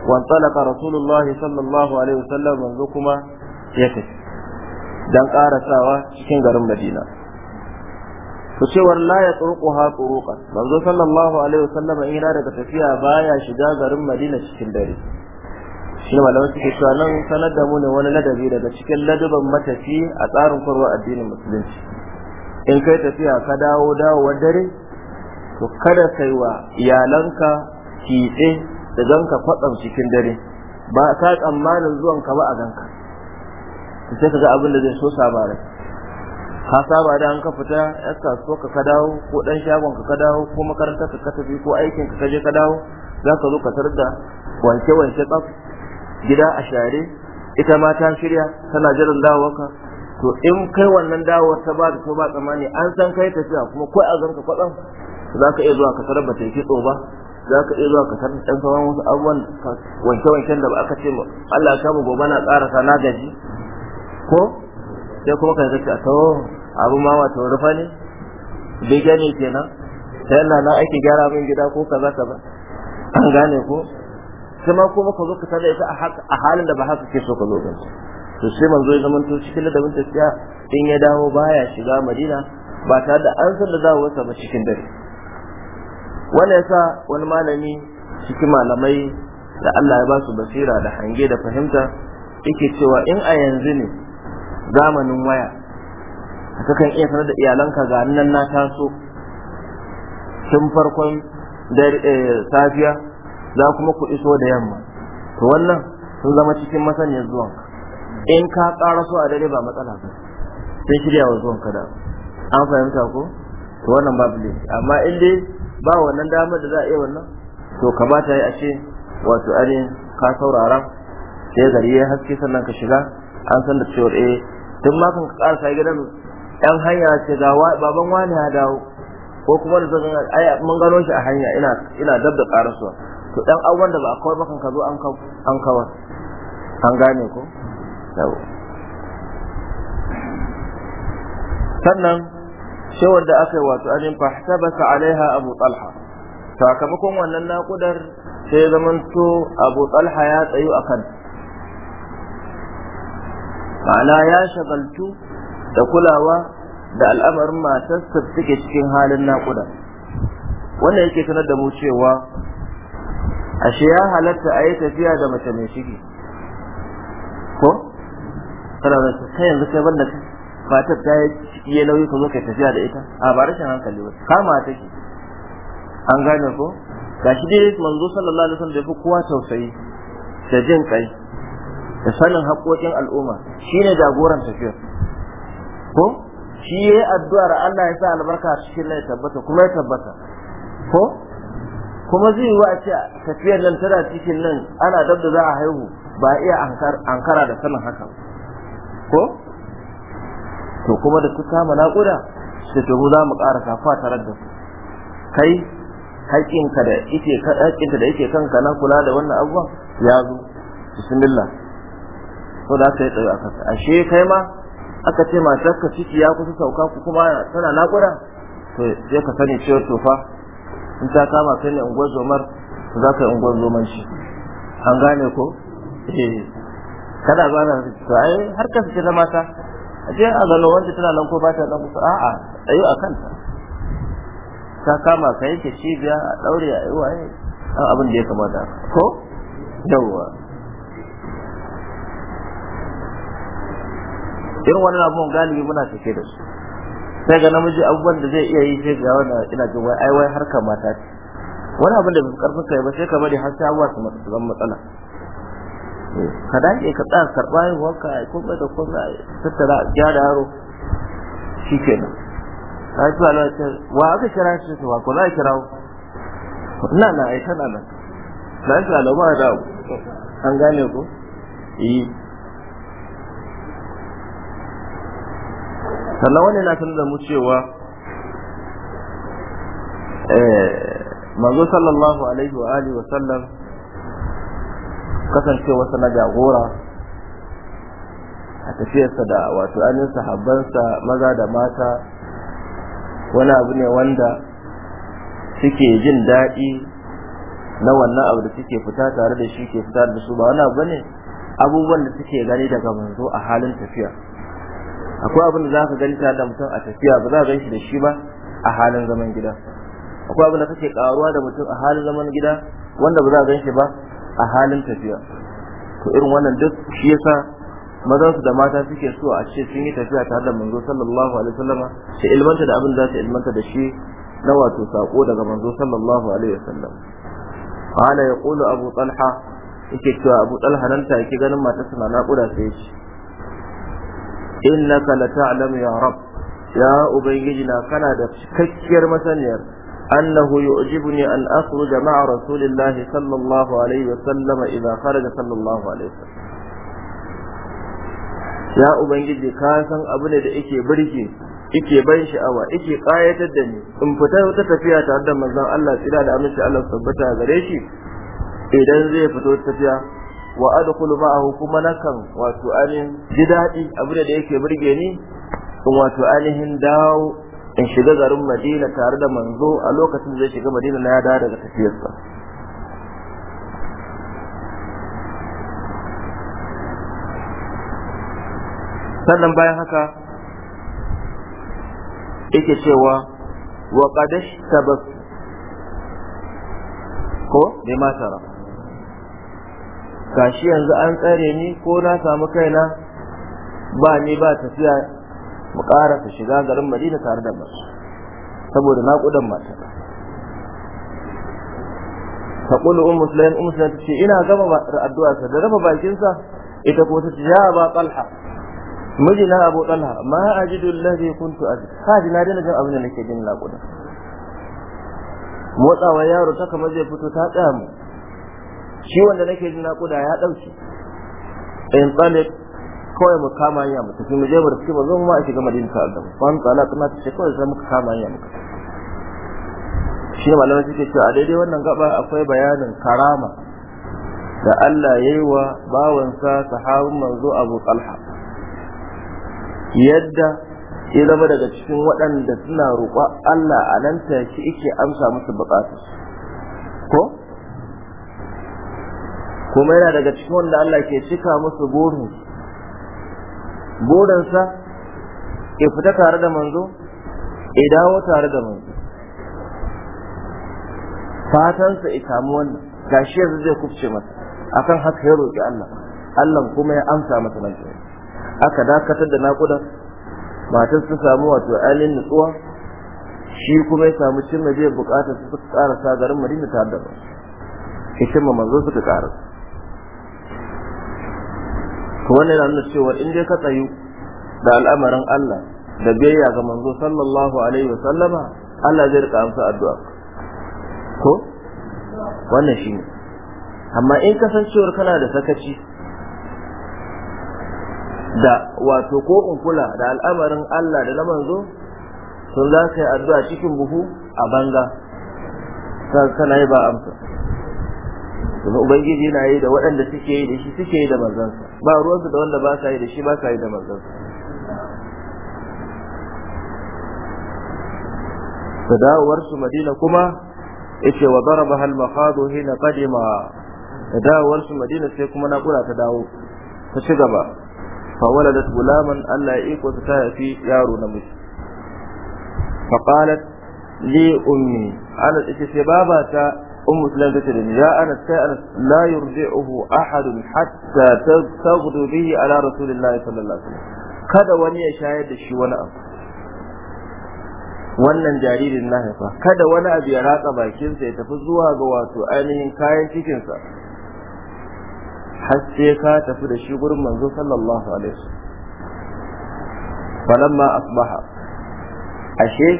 wanzalaka rasulullah sallallahu alaihi wasallam yanzu kuma ya tafi dan karasawa cikin garin madina Su cewar na ya turquha turuqa manzo sallallahu alaihi wasallam in yana daga tafiya baya shiga garin Madina cikin dare shi malaman suke cewa nan sanar da mu ne wani ladabi daga cikin ladaban matafi a tsarin farwa addinin musulunci in kai tafiya ka dawo dawowar dare to kada kai wa iyalanka kitse da ganka kwatsam cikin dare ba ka tsammanin zuwan ka ba a ganka sai ka ga abin da zai so sabarai ka saba da an ka fita yar kasuwa ka ka dawo ko dan shagon ka ka dawo ko makaranta ka ka tafi ko aikin ka ka je ka dawo za ka zo ka tarar da wanke wanke tsaf gida a share ita ma ta shirya tana jiran dawowarka to in kai wannan dawowar ta ba da ta ba tsammani an san kai tafiya kuma ko a ganka kwatsam za ka iya zuwa ka tarar ba ta yi kitso ba za ka iya zuwa ka tarar ɗan sauran wasu abubuwan wanke-wanken da ba aka ce Allah ya samu gobe na ƙarasa na gaji ko sai kuma ka a to abu ma wato rufa ne bege ne kenan sai Allah na ake gyara min gida ko kaza kaza an gane ko kuma kuma ka zo ka tada ita a halin da ba haka ke so ka zo ba to sai manzo ya zama to cikin bin tafiya in ya dawo baya shiga madina ba tare da an san da wasa ba cikin dare wanda yasa wani malami cikin malamai da Allah ya ba su basira da hange da fahimta yake cewa in a yanzu ne zamanin waya kakan iya sanar da iyalanka ga nan na taso tun farkon eh, safiya za kuma ku iso da yamma to wannan sun zama cikin masaniyar zuwan in ka ƙara so a dare ba matsala ba sun shirya wa zuwan ka da an fahimta ko to wannan babu laifi amma in dai ba wannan damar da za a iya wannan to ka bata ya ce wato ainihin ka saurara sai gari ya haske sannan ka shiga an san da cewar eh tun ma kan karasa gidan yan hanya ce ga baban wani ya dawo ko kuma da zan ai mun gano shi a hanya ina ina dab da karasuwa to ɗan abubuwan da ba a kawar ba kan ka zo an kawar an gane ko sannan shawar da aka yi wato anin fahtabasa alaiha abu talha sakamakon wannan nakudar sai zamanto abu talha ya tsayu kanta ma'ana ya shagaltu da kulawa da al'amarin matarsa suke cikin halin naƙuda wannan yake sanar da mu cewa ashe ya halatta a yi tafiya da mace mai ciki ko kana da kai yanzu kai banda matar ta yi nauyi ka zo kai tafiya da ita a ba rashin hankali ba kama take an gane ko Ga shi dai manzo sallallahu alaihi wasallam da fi kowa tausayi da jin kai da sanin haƙoƙin al'umma shine jagoran tafiyar ko shi ya yayi addu'ar Allah ya sa albarka cikin ya tabbata kuma ya tabbata ko kuma zai yi a ce tafiyar nan tana cikin nan ana dab da za a haihu ba iya ankara da sanin haka ko to kuma da su kama naƙuda da to za mu ƙara kafa tare da su kai haƙƙinka da yake da kanka na kula da wannan abubuwan ya zo bismillah ko da aka yi tsayo a sai ashe kai ma aka ce shakka ciki ya kusa sauka ku kuma tana nakura to je ka sani cewa tofa in ta kama kai ne unguwar zomar za ka yi unguwar zomanci an gane ko eh. kada na to ai har su ce ta mata a ce a gano wanda tana nan ko ba ta nan kusa a'a tsayo a kanta ta kama ka shi cibiya a daure a yi waye abin da ya kamata ko yawwa irin wani abun galibi muna take da su sai ga namiji abubuwan da zai iya yi sai ga wani ina jin wai ai wai harkar mata ce wani abin da karfin kai ba sai ka bari har sai abuwa su zan matsala eh, ka ke ka tsaya karɓa yin wanka ko kuma da ko za tattara gyara yaro shi ke nan ta yi ba ce wa aka kira shi su wako za a kira ina na ai na nan lafiya lau ba da an gane ko sannan wani na sanar da mu cewa eh, manzo sallallahu alaihi wa alihi wa sallam kasancewa sana jagora a tafiyarsa da wato ainihin sahabbansa maza da mata wani abu ne wanda suke jin daɗi na wannan abu da suke fita tare da shi ke fita da su ba wani abu ne abubuwan da suke gani daga manzo a halin tafiya akwai abin da zaka gani tare da mutum a tafiya ba za ka gan shi da shi ba a halin zaman gida akwai abin da kake karuwa da mutum a halin zaman gida wanda ba za ka gan shi ba a halin tafiya to irin wannan duk shi yasa mazan su da mata suke so a ce sun yi tafiya tare da manzo sallallahu alaihi wasallama su ilmanta da abin da za su ilmanta da shi na wato sako daga manzo sallallahu alaihi wasallam ya yaqulu abu talha yake cewa abu talha nan ta yake ganin matarsa na naƙuda ya innaka lata'lamu ya rab ya ubangiji na kana da cikakkiyar masaniyar annahu yu'jibuni an akhruja ma'a rasulillahi sallallahu alaihi wa sallama idza kharaja sallallahu alaihi wa ya ubangiji ka san abu ne da yake birge yake ban sha'awa yake kayatar da ni in fita wata tafiya tare da manzon Allah tsira da aminci Allah tabbata gare shi idan zai fito tafiya wa adkhulu ma'ahu kuma nakan wato ainihin ji daɗi abin da yake burge ni kuma wato ainihin dawo in shiga garin Madina tare da manzo a lokacin da zai shiga Madina na ya dawo daga tafiyarsa sannan bayan haka yake cewa wa qadash tabas ko bi tara gashi yanzu an tsare ni ko na samu kaina ba ni ba tafiya mu karasa shiga garin madina tare da masu saboda naƙudan mata ta ƙulu un musulun un musulun ta ce ina gama addu'a sa da raba bakinsa ita ko ta ce ya ba talha mijina abu talha ma ajidu allazi kuntu aji, ka ji na daina jin abin da nake jin naƙuda motsawa yaro ta kamar zai fito ta tsaya mu ciwon da nake jin naƙuda ya ɗauke in tsalle kawai mu kama hanya mu tafi mu je mu rufe mu zo mu a shiga madina ta al'adama ban tsala tana ta ce kawai sai muka kama hanya muka shi malamai suke cewa a daidai wannan gaba akwai bayanin karama da Allah ya yi wa bawansa sahabin manzo Abu Talha yadda ya zama daga cikin waɗanda suna roƙon Allah a nan take yake amsa musu buƙatar ko kuma yana daga cikin wanda Allah ke cika musu burin burinsa ya fita tare da manzo ya dawo tare da manzo fatansa ya samu wannan gashi yanzu zai kufce masa akan haka ya roƙi Allah Allah kuma ya amsa masa nan aka dakatar da naƙudan matar su samu wato alin nutsuwa shi kuma ya samu cimma zai bukatar su suka karasa garin Madina tare da manzo ya cimma manzo suka karasa wannan yana nuna cewa in dai ka tsayu da al'amarin Allah da biyayya ga manzo sallallahu alaihi wa sallama Allah zai rika amsa addu'a ko wannan shine amma in kasancewar kana da sakaci da wato ko in kula da al'amarin Allah da na manzo sun za ka yi addu'a cikin buhu a banga kana yi ba amsa kuma ubangiji yana yi da waɗanda suke yi da shi suke yi da manzansa ba ruwansu da wanda ba sa yi da shi ba sa yi da manzansa da dawowarsu madina kuma ya ce wa daraba hal maqadu hina ma da dawowarsu madina sai kuma naƙura ta dawo ta ci gaba fa da tulaman Allah ya iko ta haifi yaro namiji fa qalat li ummi ana ita sai babata أم سلمة تتلم يا أنس يا أنس لا يرجعه أحد حتى تغدو به على رسول الله صلى الله عليه وسلم kada wani ya shayar da shi wani abu wannan jaririn na haifa kada wani abu ya ratsa bakinsa ya tafi zuwa ga wato ainihin kayan cikinsa har sai ka tafi da shi gurin manzo sallallahu alaihi wasallam falamma asbaha ashe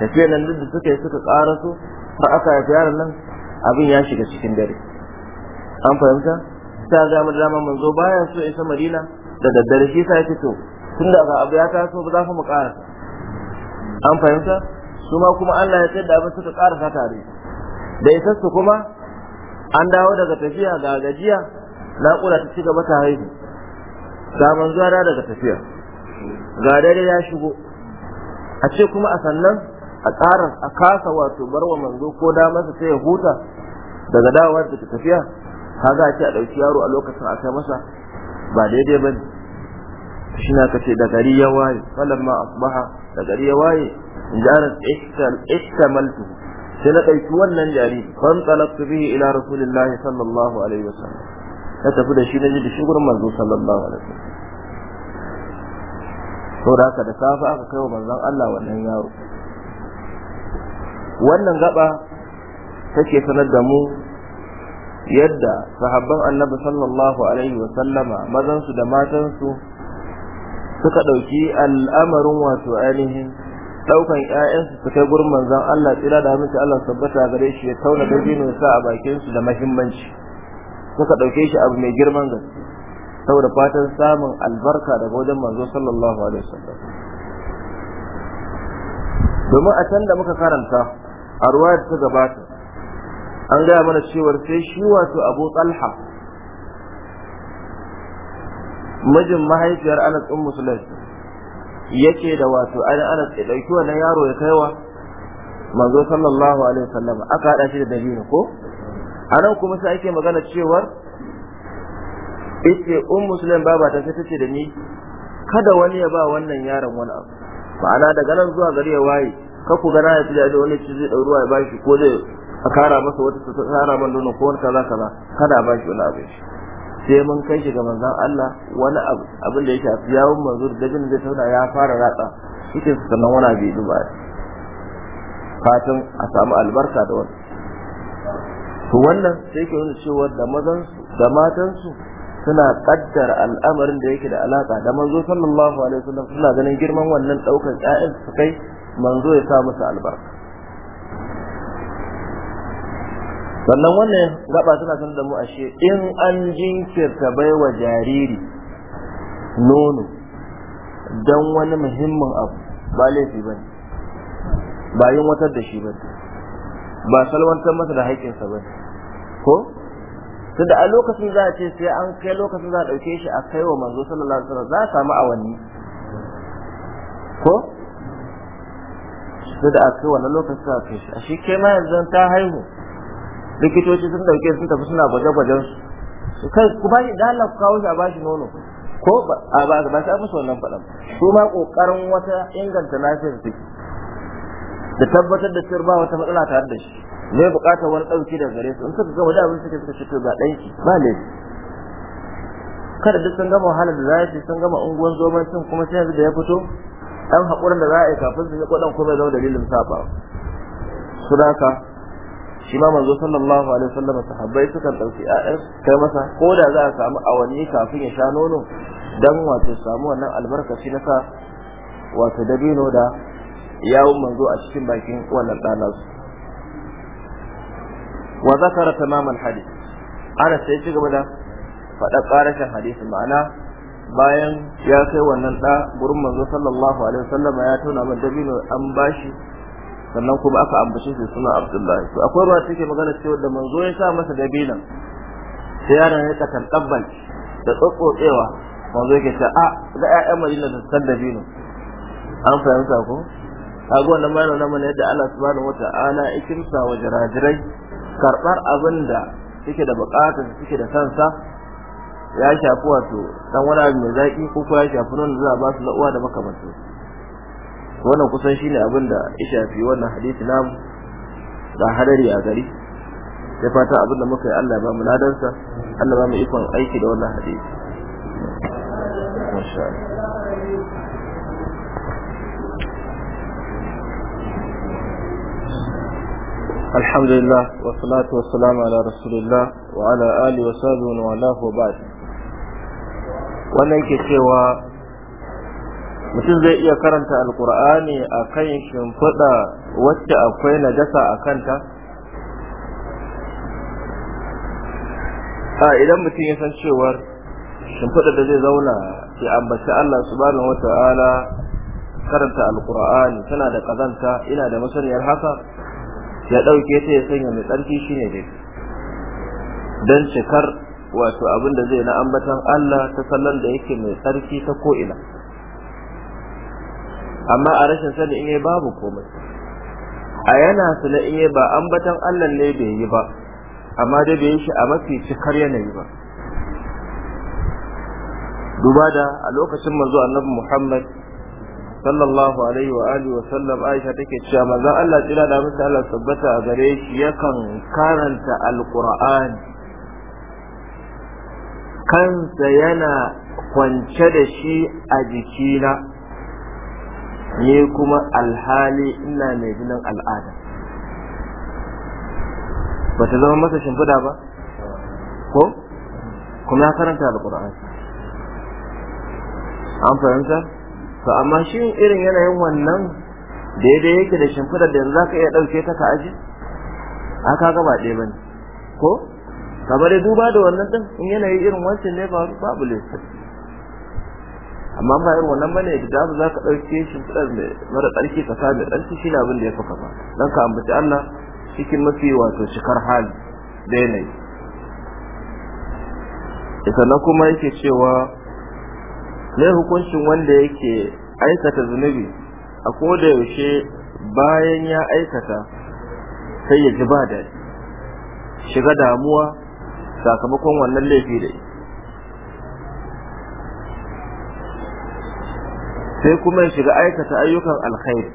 tafiyar nan da suka yi suka karaso? Ba aka haifi yaron nan abin ya shiga cikin dare an fahimta ta ga mu dama manzo baya so isa madina da daddare shi sa yake to tunda ga abu ya taso ba za mu ƙara an fahimta su ma kuma Allah ya tsada abin suka ƙara sa tare da su kuma an dawo daga tafiya ga gajiya kula ta ci gaba ta haihu ga manzo daga tafiya ga dare ya shigo a ce kuma a sannan a ƙara a kasa wato barwa manzo ko da masa sai ya huta daga dawowar da tafiya kaga ce a ɗauki yaro a lokacin a kai masa ba daidai ba shi na kace da gari ya waye ma asbaha da gari ya waye jarat ihtal ihtamaltu sai na ɗauki wannan jariri fan talaqtu bihi ila rasulillahi sallallahu alaihi wasallam na tafi da shi na ji da shi gurin manzo sallallahu alaihi wasallam saboda haka da safe aka kai wa manzon Allah wannan yaro wannan gaba take sanar da mu yadda sahabban annabi sallallahu alaihi wa sallama mazan su da matan su, suka ɗauki al'amarin wato ainihin ɗaukan ‘ya'yansu su kai gurin manzon Allah tsira da miki Allah tabbata gare shi ya tauna da dinin sa a bakin su da mahimmanci suka ɗauke shi abu mai girman gaske saboda fatan samun albarka daga wajen manzo sallallahu alaihi wasallam domin a can da muka karanta a ruwa ta gabata an gaya mana cewar sai shi wato abu talha mijin mahaifiyar anas ɗin musulunci yake da wato ainihin anas ya ɗauki wannan yaro ya kaiwa manzo sallallahu alaihi wasallam aka haɗa shi da dalili ko a nan kuma sai ake magana cewar ita un musulun baba ta sai tace da ni kada wani ya ba wannan yaron wani abu ma'ana daga nan zuwa gari ya waye Ka ku gana ya tsaya da wani ci zai ɗauruwa ya bashi ko zai a kara masa wata ta kara man nono ko wani kaza kaza kada ba bashi wani abin sai mun kai shi ga manzon Allah wani abu abin da ya shafi yawon manzo da dabin zai tauna ya fara ratsa yake sannan wani abu ya ba fatan a samu albarka da wani to wannan sai ke nuna cewa da mazansu da matansu suna kaddar al'amarin da yake da alaka da manzo sallallahu alaihi wasallam suna ganin girman wannan daukar ƴaƴan su kai manzo ya sa musu albarka sannan wannan gaba suna sanar da mu ashe in an jinkirta baiwa jariri nono don wani muhimmin abu ba laifi ba ne ba yin watar da shi ba ba salwantar masa da haƙƙinsa ba ko su da a lokacin za a ce sai an kai lokacin za a ɗauke shi a kai wa manzo sallallahu alaihi wasallam za a samu awanni ko sai da aka kai wannan lokacin kai shi a shi kai ma yanzu ta haihu likitoci sun dauke sun tafi suna gwaje-gwajen su kai ku ba shi da Allah ku kawo shi a bashi nono ko a ba ba sai musu wannan faɗan su ma kokarin wata inganta lafiyar su da tabbatar da cewa ba wata matsala tare da shi ne bukatar wani dauki daga gare su in suka gama da abin suke suka ce to ga dan shi ba ne kada duk sun gama wahalar da zai sun gama unguwan zomancin kuma sai yanzu da ya fito dan hakurin da za a yi kafin su yi dan kuma da dalilin saba su ka. shi ma manzo sallallahu alaihi wasallam sahabbai suka dauki ayar kai masa ko da za a samu awanni kafin ya sha nono dan wato samu wannan albarkaci na sa wato dabino da yawun manzo a cikin bakin wannan dana su wa zakara tamamal hadith ana sai ci gaba da faɗa ƙarashin hadisi ma'ana bayan ya kai wannan ɗa gurin manzo sallallahu alaihi wasallam ya tona man dabino an bashi sannan kuma aka ambace shi suna abdullahi to akwai ruwa take magana cewa da manzo ya sa masa dabinan sai yaron ya takan tabbal da tsotsotsewa manzo yake ta a da ƴaƴan madina da san dabino an fahimta ko kaga wannan ma nuna mana yadda Allah subhanahu wata'ala ya kimsa wa jirajirai karɓar abin da suke da buƙatar suke da kansa ya shafi wato dan wani abu mai zaki ko kuma ya shafi nono za a ba su na uwa da makamantan wannan kusan shine abin da ya shafi wannan hadisi namu da hadari a gari sai fata abin da muka yi Allah ba mu ladansa Allah ba mu ikon aiki da wannan hadisi masha الحمد لله والصلاة والسلام على رسول الله وعلى آله وصحبه ومن والاه وبعد wannan ke cewa mutum zai iya karanta alkur'ani a kan shimfiɗa wacce akwai najasa a kanta a idan mutum ya san cewar shimfiɗa da zai zauna ya ambaci allah subhanahu wata'ala karanta alkur'ani tana da ƙazanta ina da masaniyar haka ya ɗauke ta ya sanya mai tsarki shine dai don cikar wato abin da zai na ambatan Allah ta sallan da yake mai tsarki ta ko'ina amma a rashin sani in babu komai a yana su na iya ba ambatan Allah ne bai yi ba amma dai bai yi shi a mafi cikar yanayi ba duba da a lokacin manzo annabi Muhammad sallallahu alaihi wa alihi wa sallam Aisha take cewa mazan Allah tsira da masa Allah tabbata a gare shi yakan karanta alqur'ani kansa yana kwance da shi a jikina ne kuma alhali ina mai jinin al'ada ba ta zama masa shimfida ba ko kuma ya karanta alkur'ani an faranta to amma shi irin yanayin wannan daidai yake da shimfidar da yanzu za ka iya ɗauke ta ka aji aka gaba ɗaya ba ne ko kamar ya duba da wannan din in yanayi irin wancan ne ba babu lissa amma ba irin wannan bane da zaka za ka dauke shi tsar ne mara tsarki ka sa mai tsarki shi ne abin da ya kafa ba dan ka ambaci Allah cikin mafi wato shikar hali da yanayi ita na kuma yake cewa ne hukuncin wanda yake aikata zunubi a koda yaushe bayan ya aikata sai ya ji ba da shiga damuwa sakamakon wannan laifi da sai kuma ya shiga aikata ayyukan alkhairi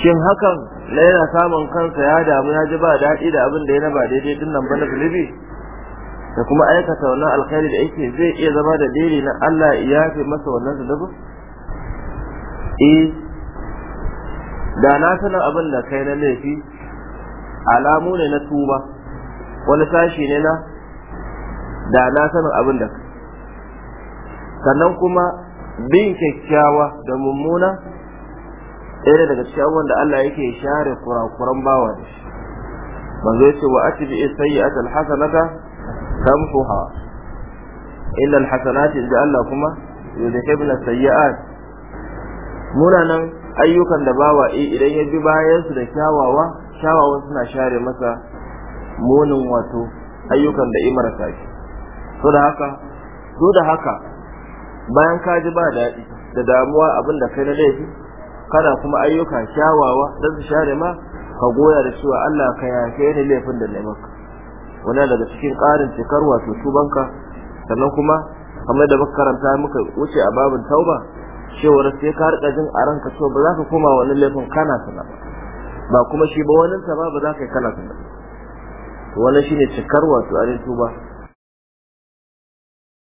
shin hakan na yana samun kansa ya damu ya ji ba daɗi da abin da ya ba daidai tun nan ba na zunubi da kuma aikata wannan alkhairi da yake zai iya zama da daidai na Allah ya fi masa wannan da zunubin eh da na sanin abin da kai na laifi alamu ne na tuba wani sashi ne na da na sanin abin da sannan kuma bin kyakkyawa da mummuna ɗaya daga cikin wanda Allah yake share kurakuran bawa da shi manzo yace wa atbi sayyi'ata alhasanata tamfuha illa alhasanati da Allah kuma yudhibna sayyi'at munanan ayyukan da bawa idan ya bi bayan su da kyawawa kyawawan suna share masa munin wato ayyukan da imar shi so da haka so da haka bayan ka ji ba daɗi da damuwa abin da kai na laifi kana kuma ayyuka shawawa, don su share ma ka goya da cewa Allah ka yafe ni laifin da na wani daga cikin ƙarin cikar wato tubanka sannan kuma kamar da muka karanta muka wuce a babin tauba cewa sai ka rika jin a ranka cewa ba za ka koma wani laifin kana sana ba kuma shi ba wani ba ba za ka yi kana sana ba wannan shine cikar wato arin tuba